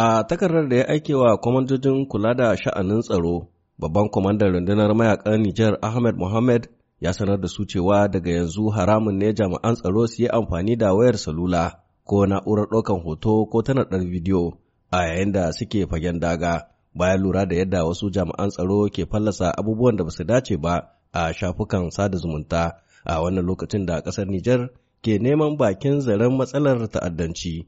A takardar da ya aike wa kwamandojin kula da sha'anin tsaro, babban kwamandan rundunar mayakan Nijar Ahmed Mohamed ya sanar da su cewa daga yanzu haramun ne jami'an tsaro su yi amfani da wayar salula ko na'urar ɗaukan hoto ko ta naɗar bidiyo a yayin da suke fagen daga bayan lura da yadda wasu jami'an tsaro ke fallasa abubuwan da ba su dace ba a shafukan sada zumunta a wannan lokacin da ƙasar Nijar ke neman bakin zaren matsalar ta'addanci.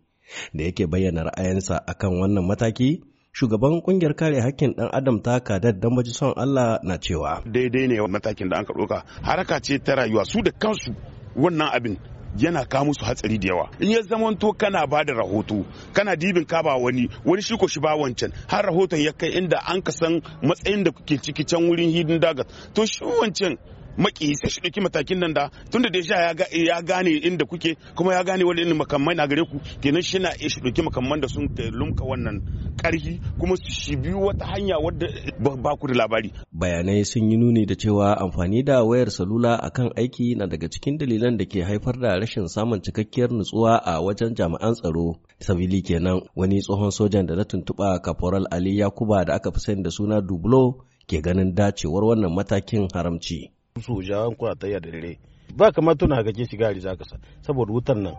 da yake bayyana ra'ayinsa akan wannan mataki shugaban kungiyar kare hakkin dan adam ta kadar dan son Allah na cewa daidai ne matakin da an ka doka haraka ce ta rayuwa su da kansu wannan abin yana kawo musu hatsari da yawa in ya zamanto kana ba da rahoto kana dibin ka ba wani wani shi ko shi ba wancan har rahoton ya kai inda an ka san matsayin da kuke ciki can wurin hidin dagat to shi wancan maki sai shi ɗauki matakin nan da tunda da ya ya gane inda kuke kuma ya gane wani makamai na gare ku kenan shi na shi ɗauki makamman da sun lumka wannan ƙarfi kuma shi biyu wata hanya wadda ba ku da labari bayanai sun yi nuni da cewa amfani da wayar salula akan aiki na daga cikin dalilan da ke haifar da rashin samun cikakkiyar nutsuwa a wajen jami'an tsaro sabili kenan wani tsohon sojan da na tuntuɓa kaporal ali yakuba da aka fi sani da suna dublo ke ganin dacewar wannan matakin haramci su an kuna tayya da dare ba kamar tuna ga ke shiga riza kasa saboda wutan nan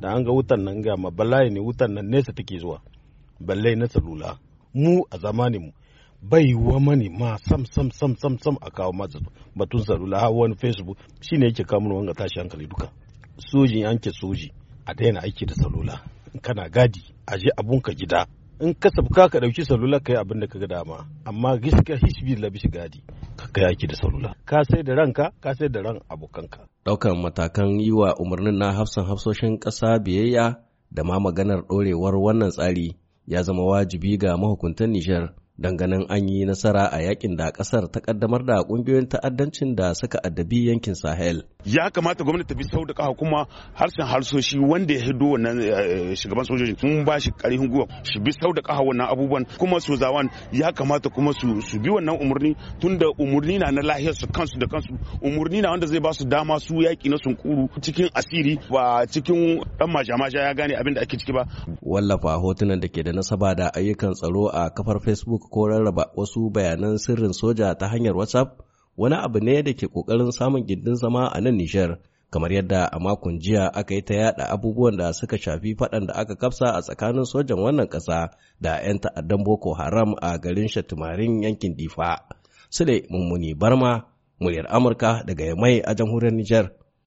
da an ga wutan nan ga ma ne wutan nan nesa take zuwa balle na salula mu a zamanin mu bai wa mani ma sam sam sam sam sam a kawo ma batun salula ha wani facebook shine yake kawo mun wanga tashi hankali duka sojin an soji a daina aiki da salula kana gadi a je abun ka gida in ka sabka ka dauki salula kai abin da ka ga dama amma gaskiya hisbi labi gadi ka aiki da salula ka sai da ranka ka sai da ran abokanka Ɗaukar matakan yi wa umarnin na hafsan hafsoshin ƙasa biyayya da ma maganar ɗorewar wannan tsari ya zama wajibi ga mahukuntan Nijar don ganin an yi nasara a yakin da kasar ta kaddamar da kungiyoyin ta'addancin da suka addabi yankin sahel ya kamata gwamnati ta bi sau da kuma harshen harsoshi wanda ya hido wannan eh, eh, shugaban sojoji mun ba shi karihin gwiwa shi bi sau da wannan abubuwan kuma su zawan ya kamata kuma su bi wannan umarni tunda umarni na na lahiyar su kansu da kansu umarni na wanda zai ba su dama su yaki na sunkuru cikin asiri ba cikin dan majamaja ya gane abin da ake ciki ba wallafa hotunan da ke da nasaba da ayyukan tsaro a kafar facebook ko rarraba wasu bayanan sirrin soja ta hanyar WhatsApp wani abu ne da ke ƙoƙarin samun gindin zama a nan Nijar, kamar yadda a makon jiya aka yi ta yada abubuwan da suka shafi faɗan da aka kafsa a tsakanin sojan wannan ƙasa da 'yan ta'addan Boko Haram a garin Shatimarin yankin Difa. Sule Mummuni Barma, muryar Amurka daga Yamai a jamhuriyar Nijar.